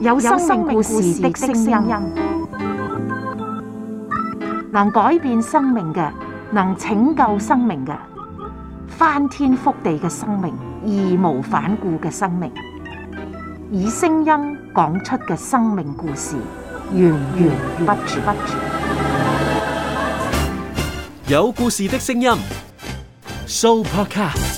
有生命故事的聲音，能改變生命嘅，能拯救生命嘅，翻天覆地嘅生命，義無反顧嘅生命，以聲音講出嘅生命故事，源源不絕。有故事的聲音，Soupercast。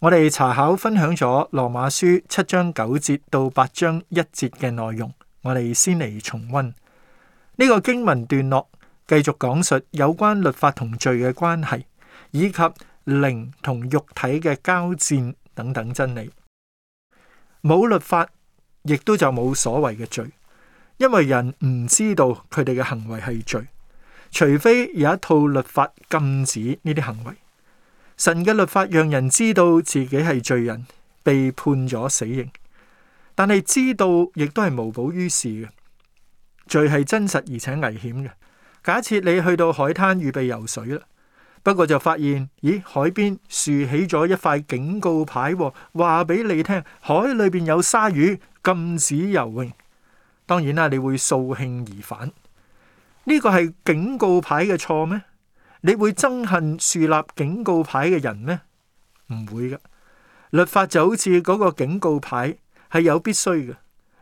我哋查考分享咗羅馬書七章九節到八章一節嘅內容，我哋先嚟重温呢個經文段落，繼續講述有關律法同罪嘅關係，以及靈同肉體嘅交戰等等真理。冇律法，亦都就冇所謂嘅罪，因為人唔知道佢哋嘅行為係罪，除非有一套律法禁止呢啲行為。神嘅律法讓人知道自己係罪人，被判咗死刑。但係知道亦都係無補於事嘅。罪係真實而且、且危險嘅。假設你去到海灘預備游水啦，不過就發現，咦，海邊豎起咗一塊警告牌，哦，話俾你聽海裏邊有鯊魚，禁止游泳。當然啦，你會掃興而返。呢，這個係警告牌嘅錯咩？你會憎恨樹立警告牌嘅人咩？唔會噶，律法就好似嗰個警告牌，係有必須嘅，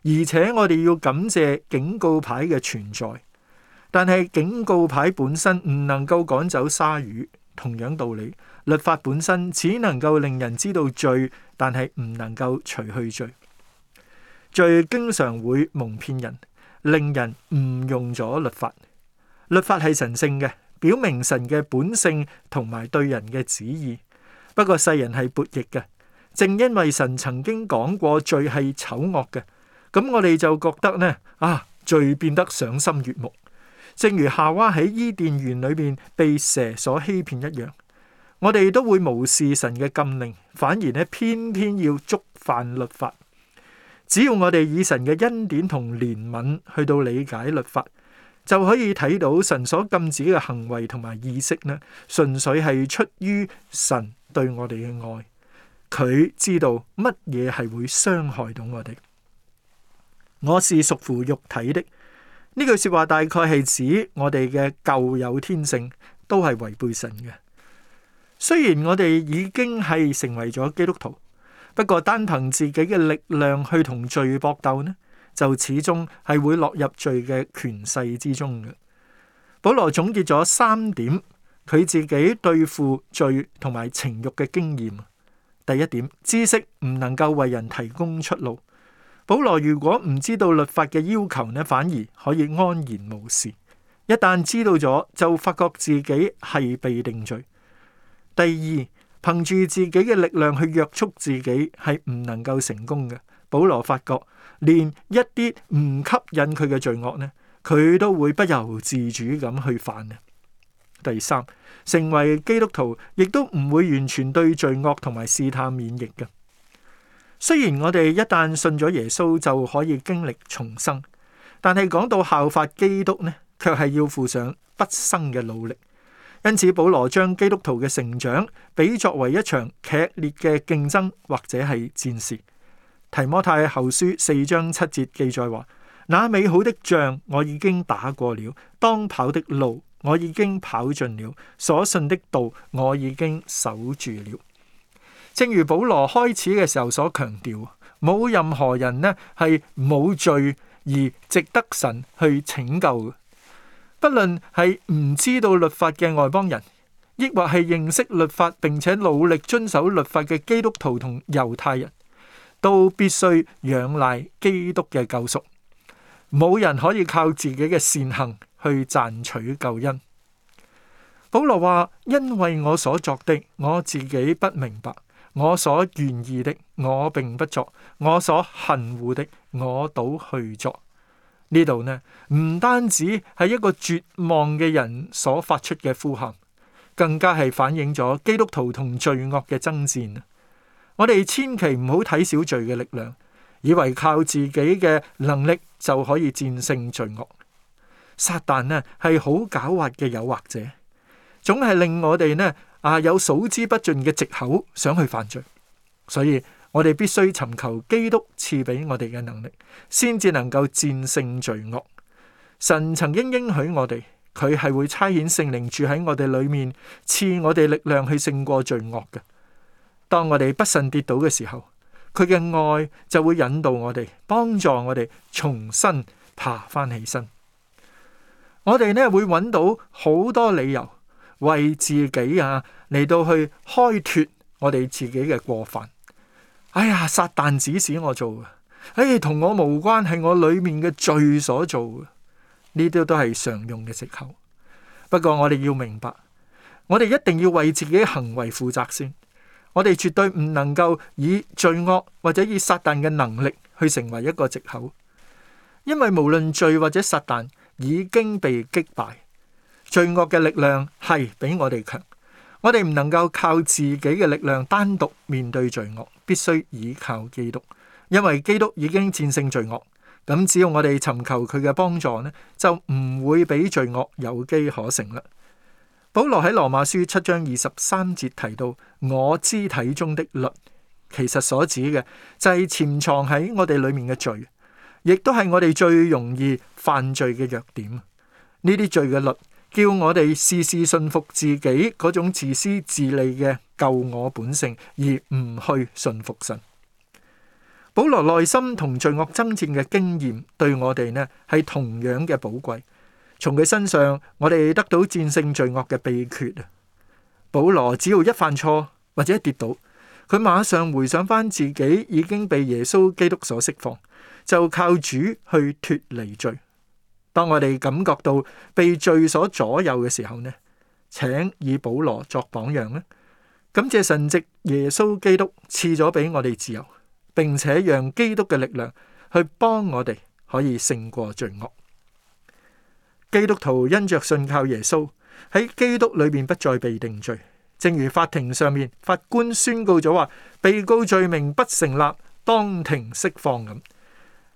而且我哋要感謝警告牌嘅存在。但係警告牌本身唔能夠趕走鯊魚，同樣道理，律法本身只能夠令人知道罪，但係唔能夠除去罪。罪經常會蒙騙人，令人誤用咗律法。律法係神聖嘅。表明神嘅本性同埋對人嘅旨意，不過世人係叛逆嘅，正因為神曾經講過罪係醜惡嘅，咁我哋就覺得呢，啊，罪變得賞心悅目，正如夏娃喺伊甸園裏面被蛇所欺騙一樣，我哋都會無視神嘅禁令，反而咧偏偏要觸犯律法。只要我哋以神嘅恩典同憐憫去到理解律法，就可以睇到神所禁止嘅行為同埋意識呢，純粹係出於神對我哋嘅愛。佢知道乜嘢係會傷害到我哋。我是屬乎肉體的。呢句說話，大概係指我哋嘅舊有天性都係違背神嘅。雖然我哋已經係成為咗基督徒，不過單憑自己嘅力量去同罪搏鬥呢？就始終係會落入罪嘅權勢之中嘅。保羅總結咗三點，佢自己對付罪同埋情慾嘅經驗。第一點，知識唔能夠為人提供出路。保羅如果唔知道律法嘅要求呢，反而可以安然無事；一旦知道咗，就發覺自己係被定罪。第二，憑住自己嘅力量去約束自己係唔能夠成功嘅。保羅發覺，連一啲唔吸引佢嘅罪惡呢，佢都會不由自主咁去犯嘅。第三，成為基督徒亦都唔會完全對罪惡同埋試探免疫嘅。雖然我哋一旦信咗耶穌就可以經歷重生，但係講到效法基督呢，卻係要付上畢生嘅努力。因此，保羅將基督徒嘅成長，比作為一場劇烈嘅競爭或者係戰事。提摩太後書四章七節記載話：「那美好的仗我已經打過了，當跑的路我已經跑盡了，所信的道我已經守住了。」正如保羅開始嘅時候所強調，冇任何人呢係冇罪而值得神去拯救嘅，不論係唔知道律法嘅外邦人，亦或係認識律法並且努力遵守律法嘅基督徒同猶太人。都必須仰賴基督嘅救贖，冇人可以靠自己嘅善行去賺取救恩。保羅話：因為我所作的，我自己不明白；我所願意的，我並不作；我所恨惡的，我倒去作。呢度呢，唔單止係一個絕望嘅人所發出嘅呼喊，更加係反映咗基督徒同罪惡嘅爭戰。我哋千祈唔好睇小罪嘅力量，以為靠自己嘅能力就可以戰勝罪惡。撒旦呢係好狡猾嘅誘惑者，總係令我哋呢啊有數之不盡嘅借口想去犯罪。所以我哋必須尋求基督賜俾我哋嘅能力，先至能夠戰勝罪惡。神曾經應許我哋，佢係會差遣聖靈住喺我哋裏面，賜我哋力量去勝過罪惡嘅。當我哋不慎跌倒嘅時候，佢嘅愛就會引導我哋，幫助我哋重新爬翻起身。我哋呢會揾到好多理由為自己啊嚟到去開脫我哋自己嘅過犯。哎呀，撒旦指使我做嘅，哎呀，同我無關，係我裏面嘅罪所做嘅。呢啲都係常用嘅借口。不過我哋要明白，我哋一定要為自己行為負責先。我哋絕對唔能夠以罪惡或者以撒旦嘅能力去成為一個借口，因為無論罪或者撒旦已經被擊敗，罪惡嘅力量係比我哋強。我哋唔能夠靠自己嘅力量單獨面對罪惡，必須依靠基督，因為基督已經戰勝罪惡。咁只要我哋尋求佢嘅幫助呢，就唔會俾罪惡有機可乘啦。保羅喺羅馬書七章二十三節提到，我肢體中的律其實所指嘅就係、是、潛藏喺我哋裏面嘅罪，亦都係我哋最容易犯罪嘅弱點。呢啲罪嘅律叫我哋時時信服自己嗰種自私自利嘅舊我本性，而唔去信服神。保羅內心同罪惡爭戰嘅經驗，對我哋呢係同樣嘅寶貴。從佢身上，我哋得到戰勝罪惡嘅秘訣啊！保羅只要一犯錯或者一跌倒，佢馬上回想返自己已經被耶穌基督所釋放，就靠主去脫離罪。當我哋感覺到被罪所左右嘅時候呢，請以保羅作榜樣啦！感謝神藉耶穌基督賜咗俾我哋自由，並且讓基督嘅力量去幫我哋可以勝過罪惡。基督徒因着信靠耶穌喺基督裏邊不再被定罪，正如法庭上面法官宣告咗話，被告罪名不成立，當庭釋放咁。呢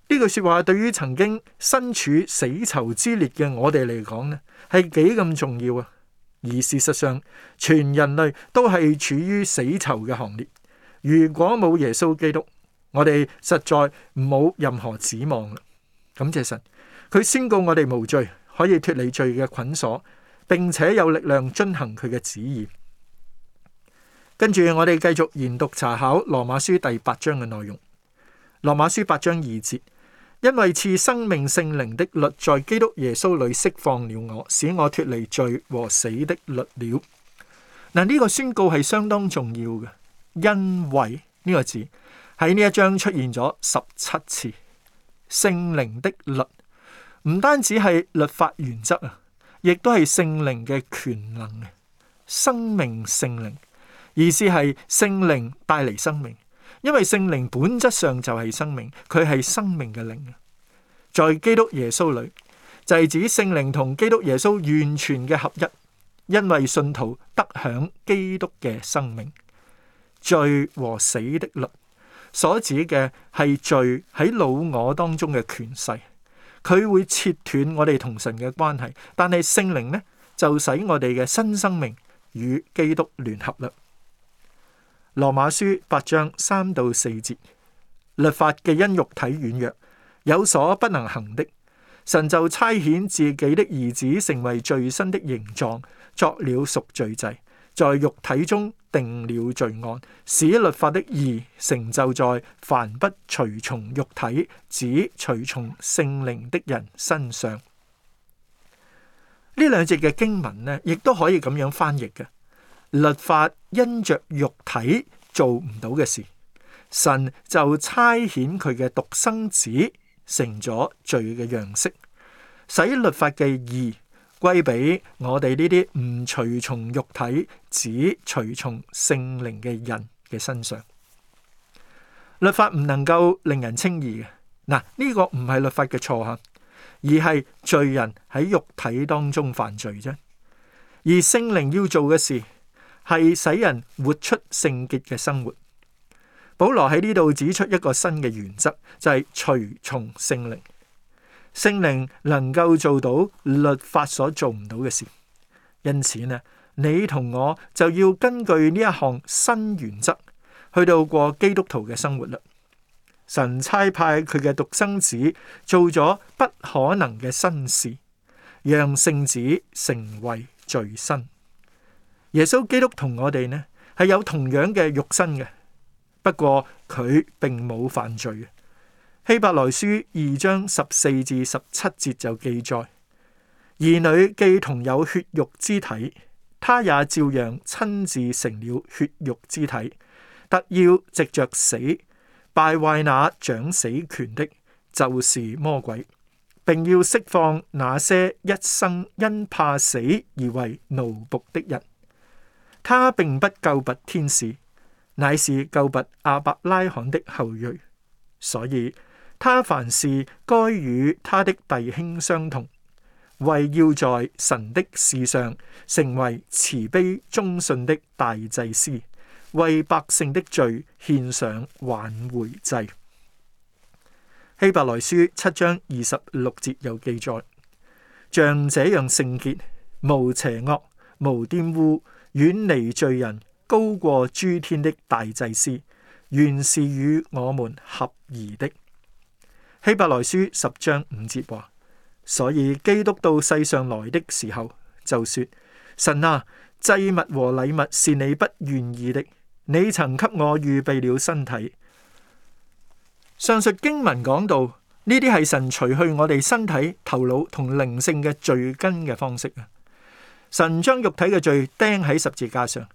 句說話對於曾經身處死囚之列嘅我哋嚟講咧，係幾咁重要啊！而事實上，全人類都係處於死囚嘅行列。如果冇耶穌基督，我哋實在冇任何指望嘞。感謝神，佢宣告我哋無罪。可以脫離罪嘅捆鎖，並且有力量遵行佢嘅旨意。跟住我哋繼續研讀查考羅馬書第八章嘅內容。羅馬書八章二節，因為賜生命聖靈的律在基督耶穌裏釋放了我，使我脫離罪和死的律了。嗱、這、呢個宣告係相當重要嘅，因為呢、這個字喺呢一章出現咗十七次，聖靈的律。唔單止係律法原則啊，亦都係聖靈嘅權能啊，生命聖靈，意思係聖靈帶嚟生命，因為聖靈本質上就係生命，佢係生命嘅靈。在基督耶穌裏，就係、是、指聖靈同基督耶穌完全嘅合一，因為信徒得享基督嘅生命。罪和死的律所指嘅係罪喺老我當中嘅權勢。佢會切斷我哋同神嘅關係，但係聖靈呢就使我哋嘅新生命與基督聯合啦。羅馬書八章三到四節，律法既因肉體軟弱有所不能行的，神就差遣自己的兒子成為罪身的形狀，作了贖罪祭，在肉體中定了罪案，使律法的義成就在凡不隨從肉體只隨從聖靈的人身上。呢兩節嘅經文呢，亦都可以咁樣翻譯嘅。律法因着肉體做唔到嘅事，神就差遣佢嘅獨生子成咗罪嘅樣式，使律法嘅義。歸俾我哋呢啲唔隨從肉體、只隨從聖靈嘅人嘅身上，律法唔能夠令人輕易嘅。嗱，呢個唔係律法嘅錯吓，而係罪人喺肉體當中犯罪啫。而聖靈要做嘅事係使人活出聖潔嘅生活。保羅喺呢度指出一個新嘅原則，就係隨從聖靈。聖靈能夠做到律法所做唔到嘅事，因此呢，你同我就要根據呢一項新原則去度過基督徒嘅生活啦。神差派佢嘅獨生子做咗不可能嘅新事，讓聖子成為罪身。耶穌基督同我哋呢係有同樣嘅肉身嘅，不過佢並冇犯罪。希伯來書二章十四至十七節就記載，兒女既同有血肉之體，他也照樣親自成了血肉之體，特要藉着死敗壞那掌死權的，就是魔鬼，並要釋放那些一生因怕死而為奴僕的人。他並不救拔天使，乃是救拔亞伯拉罕的後裔，所以，他凡事該與他的弟兄相同，為要在神的事上成為慈悲忠信的大祭司，為百姓的罪獻上挽回祭。希伯來書七章二十六節有記載，像這樣聖潔、無邪惡、無玷污、遠離罪人、高過諸天的大祭司，原是與我們合宜的。希伯來書十章五節話，所以基督到世上來的時候，就說：神啊，祭物和禮物是你不願意的，你曾給我預備了身體。上述經文講到，呢啲係神除去我哋身體、頭腦同靈性嘅罪根嘅方式。神將肉體嘅罪釘喺十字架上，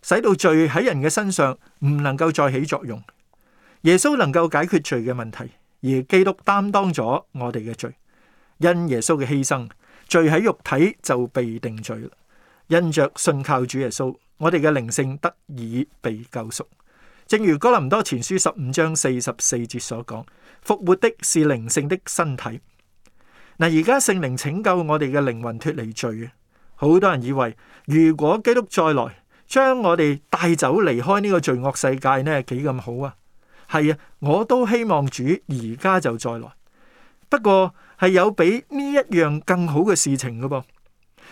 使到罪喺人嘅身上唔能夠再起作用。耶穌能夠解決罪嘅問題。而基督擔當咗我哋嘅罪，因耶穌嘅犧牲，罪喺肉體就被定罪啦。因着信靠主耶穌，我哋嘅靈性得以被救贖。正如哥林多前書十五章四十四節所講：復活的是靈性的身體。嗱，而家聖靈拯救我哋嘅靈魂脫離罪啊！好多人以為如果基督再來，將我哋帶走離開呢個罪惡世界呢，幾咁好啊？係啊，我都希望主而家就再來。不過係有比呢一樣更好嘅事情噶噃，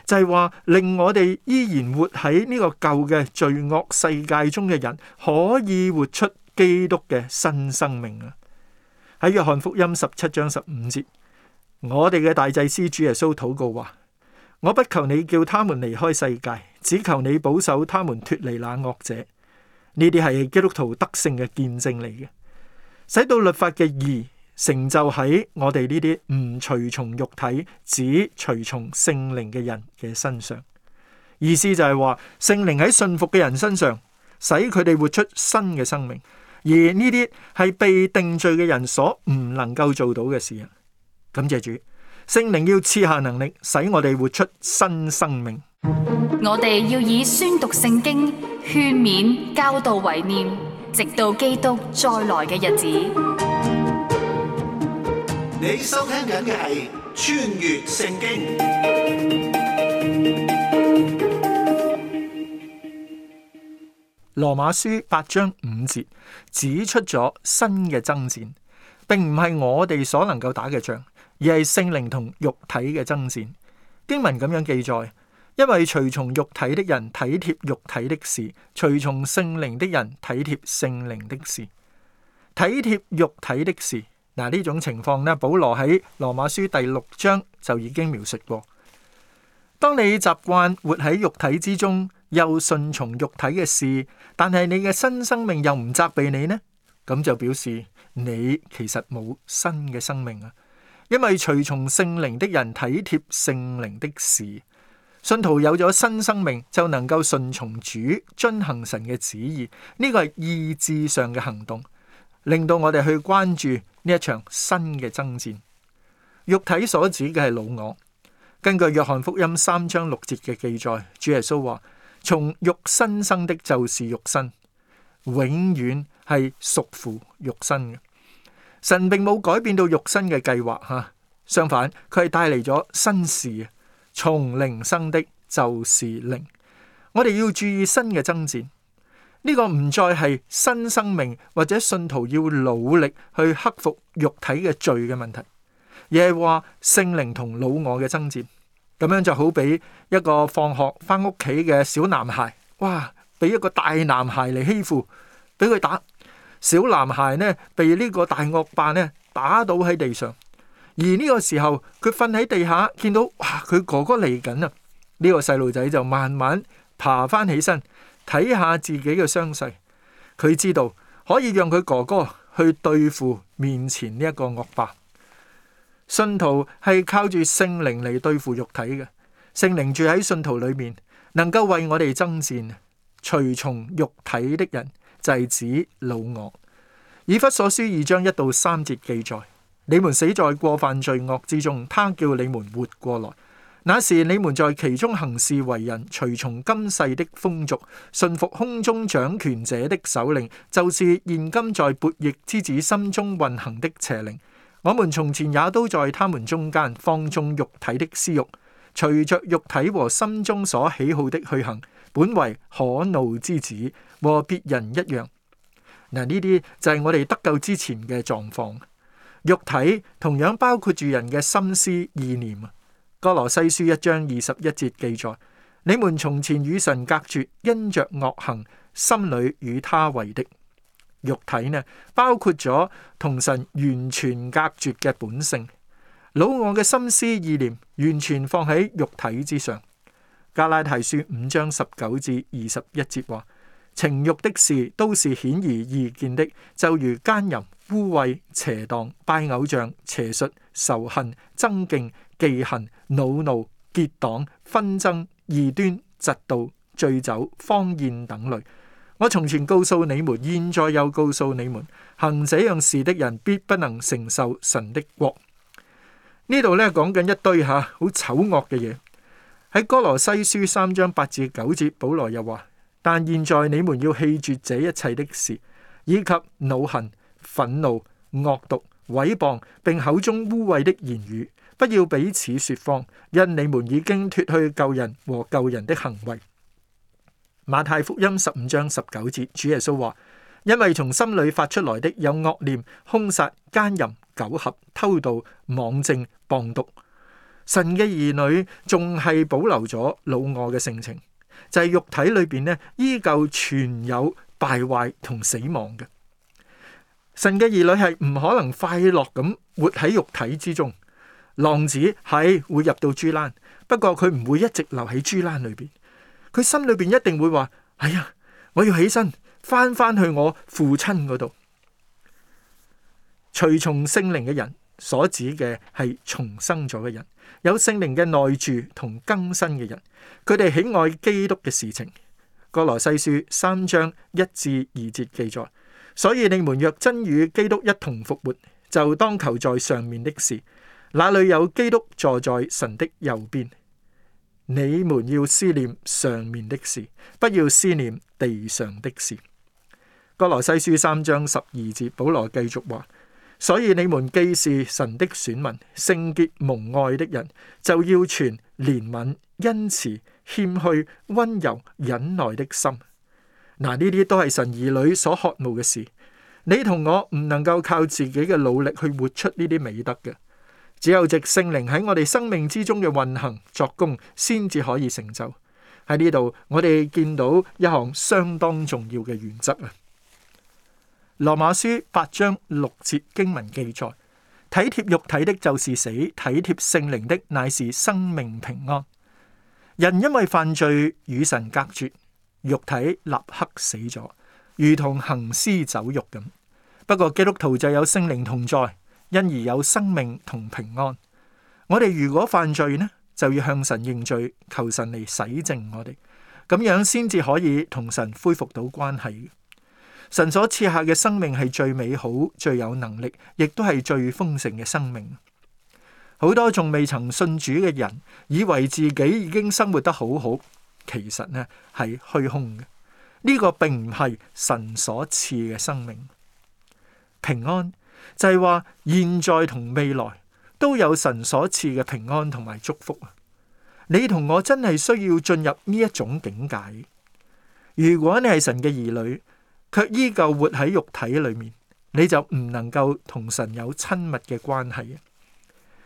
就係話令我哋依然活喺呢個舊嘅罪惡世界中嘅人，可以活出基督嘅新生命啊！喺約翰福音十七章十五節，我哋嘅大祭司主耶穌禱告話：我不求你叫他們離開世界，只求你保守他們脱離那惡者。呢啲係基督徒德性嘅見證嚟嘅，使到律法嘅義成就喺我哋呢啲唔隨從肉體、只隨從聖靈嘅人嘅身上。意思就係話，聖靈喺信服嘅人身上，使佢哋活出新嘅生命，而呢啲係被定罪嘅人所唔能夠做到嘅事啊！感謝主，聖靈要賜下能力，使我哋活出新生命。我哋要以宣讀聖經、勸勉、教導為念，直到基督再來嘅日子。你收聽緊嘅係穿越聖經。羅馬書八章五節指出咗新嘅爭戰，並唔係我哋所能夠打嘅仗，而係聖靈同肉體嘅爭戰。經文咁樣記載。因為隨從肉體的人體貼肉體的事，隨從聖靈的人體貼聖靈的事。體貼肉體的事，嗱呢種情況呢，保羅喺羅馬書第六章就已經描述過。當你習慣活喺肉體之中，又順從肉體嘅事，但係你嘅新生命又唔責備你呢？咁就表示你其實冇新嘅生命啊！因為隨從聖靈的人體貼聖靈的事。信徒有咗新生命，就能夠順從主、遵行神嘅旨意。呢個係意志上嘅行動，令到我哋去關注呢一場新嘅爭戰。肉體所指嘅係老我。根據約翰福音三章六節嘅記載，主耶穌話：從肉身生的，就是肉身，永遠係屬乎肉身嘅。神並冇改變到肉身嘅計劃吓，相反，佢係帶嚟咗新事。從靈生的，就是靈。我哋要注意新嘅爭戰，呢、這個唔再係新生命或者信徒要努力去克服肉體嘅罪嘅問題，而係話聖靈同老我嘅爭戰。咁樣就好比一個放學返屋企嘅小男孩，哇，俾一個大男孩嚟欺負，俾佢打。小男孩呢，被呢個大惡霸呢打倒喺地上。而呢個時候，佢瞓喺地下，見到哇，佢哥哥嚟緊啦！呢個細路仔就慢慢爬翻起身，睇下自己嘅傷勢。佢知道可以讓佢哥哥去對付面前呢一個惡霸。信徒係靠住聖靈嚟對付肉體嘅，聖靈住喺信徒裏面，能夠為我哋爭戰，隨從肉體的人制止老惡。以弗所書二章一到三節記載。你們死在過犯罪惡之中，他叫你們活過來。那時你們在其中行事為人，隨從今世的風俗，順服空中掌權者的首領，就是現今在悖逆之子心中運行的邪靈。我們從前也都在他們中間，放縱肉體的私欲，隨着肉體和心中所喜好的去行，本為可怒之子，和別人一樣。嗱，呢啲就係我哋得救之前嘅狀況。肉體同樣包括住人嘅心思意念啊，《哥羅西書》一章二十一節記載：你們從前與神隔絕，因着惡行，心裏與他為敵。肉體呢，包括咗同神完全隔絕嘅本性，老我嘅心思意念完全放喺肉體之上。《格拉提書》五章十九至二十一節話：情欲的事都是顯而易見的，就如奸淫。污穢、邪蕩、拜偶像、邪術、仇恨、爭競、忌恨、惱怒、結黨、紛爭、異端、嫉妒、醉酒、荒宴等類。我從前告訴你們，現在又告訴你們，行這樣事的人必不能承受神的國。呢度呢講緊一堆吓好醜惡嘅嘢。喺哥羅西書三章八至九節，保羅又話：，但現在你們要棄絕這一切的事，以及惱恨。憤怒、惡毒、毀謗，并口中污穢的言語，不要彼此說謊，因你們已經脱去舊人和舊人的行為。馬太福音十五章十九節，主耶穌話：，因為從心裏發出來的有惡念、凶殺、奸淫、苟合、偷盜、妄證、謗毒。神嘅兒女仲係保留咗老我嘅性情，就係、是、肉體裏邊呢，依舊存有敗壞同死亡嘅。神嘅兒女係唔可能快樂咁活喺肉體之中。浪子係會入到豬欄，不過佢唔會一直留喺豬欄裏邊。佢心裏邊一定會話：哎呀，我要起身返返去我父親嗰度。隨從聖靈嘅人所指嘅係重生咗嘅人，有聖靈嘅內住同更新嘅人。佢哋喜愛基督嘅事情。哥羅西書三章一至二節記載，所以你們若真與基督一同復活，就當求在上面的事。那裏有基督坐在神的右邊，你們要思念上面的事，不要思念地上的事。哥羅西書三章十二節，保羅繼續話：所以你們既是神的選民，聖潔蒙愛的人，就要存憐憫、恩慈、謙虛、溫柔、忍耐的心。嗱，呢啲都係神兒女所渴慕嘅事。你同我唔能夠靠自己嘅努力去活出呢啲美德嘅，只有藉聖靈喺我哋生命之中嘅運行作工，先至可以成就。喺呢度，我哋見到一項相當重要嘅原則。羅馬書八章六節經文記載：體貼肉體的，就是死；體貼聖靈的，乃是生命平安。人因為犯罪與神隔絕。肉體立刻死咗，如同行屍走肉咁。不過基督徒就有聖靈同在，因而有生命同平安。我哋如果犯罪呢，就要向神認罪，求神嚟洗淨我哋，咁樣先至可以同神恢復到關係。神所賜下嘅生命係最美好、最有能力，亦都係最豐盛嘅生命。好多仲未曾信主嘅人，以為自己已經生活得好好。其實呢係虛空嘅，呢、這個並唔係神所賜嘅生命。平安，就係、是、話現在同未來都有神所賜嘅平安同埋祝福啊！你同我真係需要進入呢一種境界。如果你係神嘅兒女，却依舊活喺肉體裏面，你就唔能夠同神有親密嘅關係。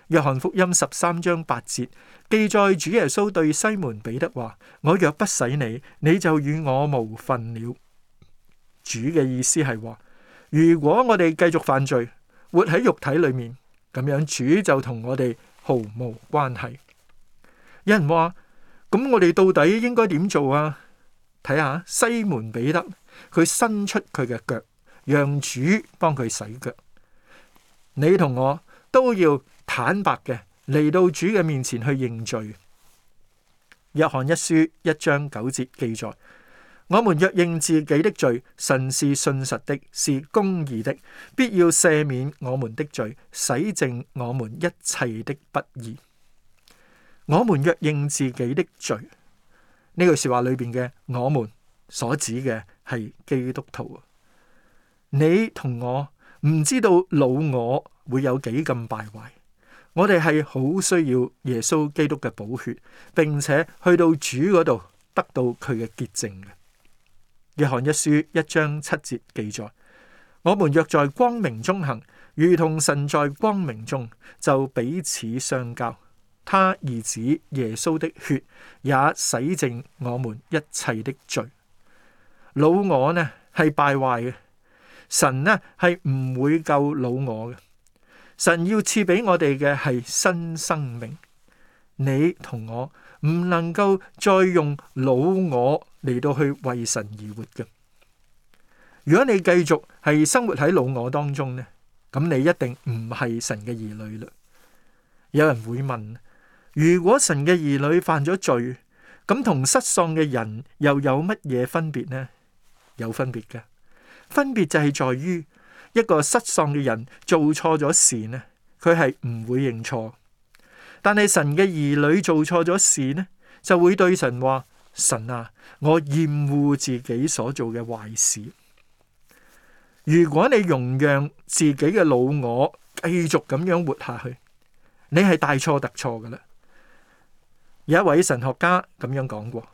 約翰福音十三章八節記載，主耶穌對西門彼得話：我若不洗你，你就與我無分了。主嘅意思係話，如果我哋繼續犯罪，活喺肉體裏面，咁樣主就同我哋毫無關係。有人話：咁我哋到底應該點做啊？睇下西門彼得，佢伸出佢嘅腳，讓主幫佢洗腳。你同我都要。坦白嘅嚟到主嘅面前去認罪。約翰一書一章九節記載：我們若認自己的罪，神是信實的，是公義的，必要赦免我們的罪，洗淨我們一切的不義。我們若認自己的罪，呢句說話裏邊嘅我們所指嘅係基督徒。你同我唔知道老我會有幾咁敗壞。我哋係好需要耶穌基督嘅寶血，並且去到主嗰度得到佢嘅潔淨嘅。約翰一書一章七節記載：我們若在光明中行，如同神在光明中，就彼此相交。他兒子耶穌的血也洗淨我們一切的罪。老我呢係敗壞嘅，神呢係唔會救老我嘅。神要賜俾我哋嘅係新生命，你同我唔能夠再用老我嚟到去為神而活嘅。如果你繼續係生活喺老我當中呢，咁你一定唔係神嘅兒女啦。有人會問：如果神嘅兒女犯咗罪，咁同失喪嘅人又有乜嘢分別呢？有分別嘅，分別就係在於。一個失喪嘅人做錯咗事呢，佢係唔會認錯。但係神嘅兒女做錯咗事呢，就會對神話：神啊，我厭惡自己所做嘅壞事。如果你容讓自己嘅老我繼續咁樣活下去，你係大錯特錯㗎喇。 有一位神學家咁樣講過：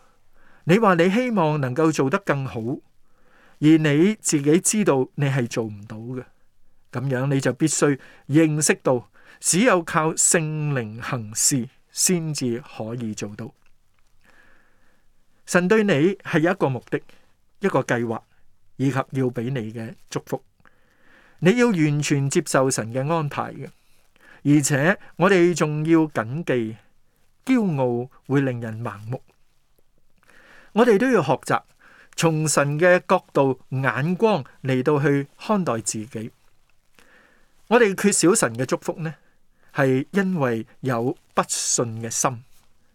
你話你希望能夠做得更好。而你自己知道你係做唔到嘅，咁樣你就必須認識到，只有靠聖靈行事，先至可以做到。神對你係有一個目的，一個計劃以及要俾你嘅祝福。你要完全接受神嘅安排嘅，而且我哋仲要謹記，驕傲會令人盲目。我哋都要學習。從神嘅角度眼光嚟，到去看待自己，我哋缺少神嘅祝福呢，係因為有不信嘅心，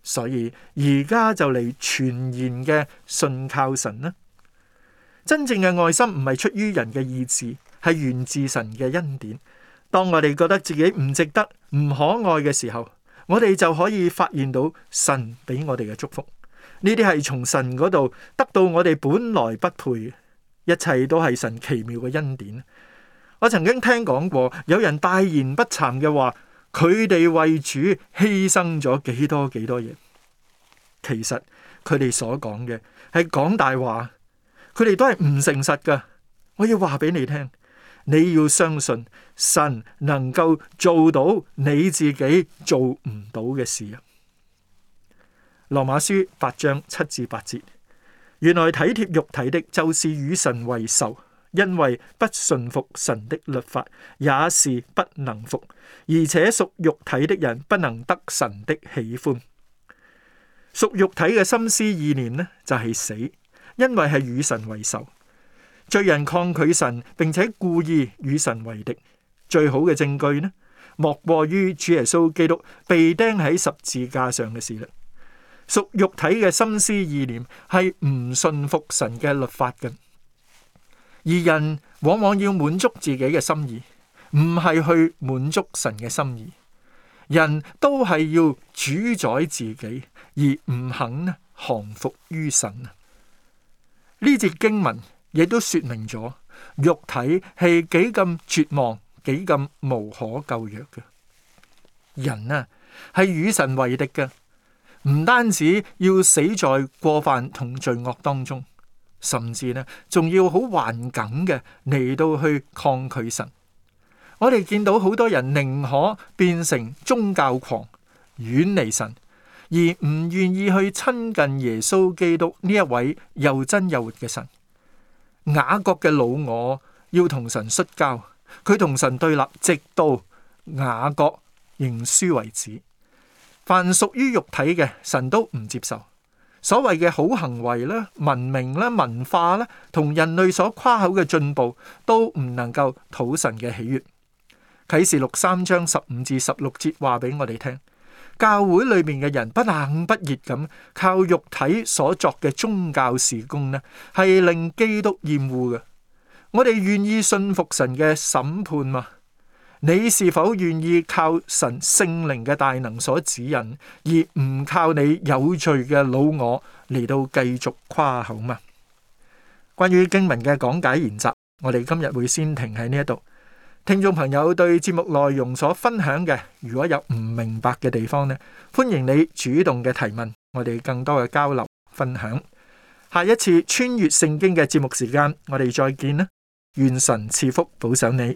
所以而家就嚟傳言嘅信靠神啦。真正嘅愛心唔係出於人嘅意志，係源自神嘅恩典。當我哋覺得自己唔值得，唔可愛嘅時候，我哋就可以發現到神俾我哋嘅祝福。呢啲係從神嗰度得到，我哋本來不配，一切都係神奇妙嘅恩典。我曾經聽講過，有人大言不慚嘅話，佢哋為主犧牲咗幾多幾多嘢。其實佢哋所講嘅係講大話，佢哋都係唔誠實㗎。我要話俾你聽，你要相信神能夠做到你自己做唔到嘅事啊！羅馬書八章七至八節，原來體貼肉體的，就是與神為仇，因為不順服神的律法，也是不能服，而且屬肉體的人不能得神的喜歡。屬肉體嘅心思意念呢，就係死，因為係與神為仇。罪人抗拒神，並且故意與神為敵。最好嘅證據呢，莫過於主耶穌基督被釘喺十字架上嘅事嘞。屬肉體嘅心思意念係唔信服神嘅律法嘅，而人往往要滿足自己嘅心意，唔係去滿足神嘅心意。人都係要主宰自己，而唔肯呢降服於神。呢節經文亦都說明咗，肉體係幾咁絕望，幾咁無可救藥嘅。人啊，係與神為敵嘅。唔單止要死在過犯同罪惡當中，甚至呢仲要好頑梗嘅嚟到去抗拒神。我哋見到好多人寧可變成宗教狂，遠離神，而唔願意去親近耶穌基督呢一位又真又活嘅神。雅各嘅老我要同神摔交，佢同神對立，直到雅各認輸為止。凡屬於肉體嘅，神都唔接受。所謂嘅好行為咧、文明咧、文化咧，同人類所誇口嘅進步，都唔能夠討神嘅喜悅。啟示錄三章十五至十六節話俾我哋聽：教會裏面嘅人不冷不熱咁，靠肉體所作嘅宗教事工咧，係令基督厭惡嘅。我哋願意信服神嘅審判嘛？你是否願意靠神聖靈嘅大能所指引，而唔靠你有罪嘅老我嚟到繼續誇口嘛？關於經文嘅講解研習，我哋今日會先停喺呢一度。聽眾朋友對節目內容所分享嘅，如果有唔明白嘅地方呢，歡迎你主動嘅提問，我哋更多嘅交流分享。下一次穿越聖經嘅節目時間，我哋再見啦！願神賜福保守你。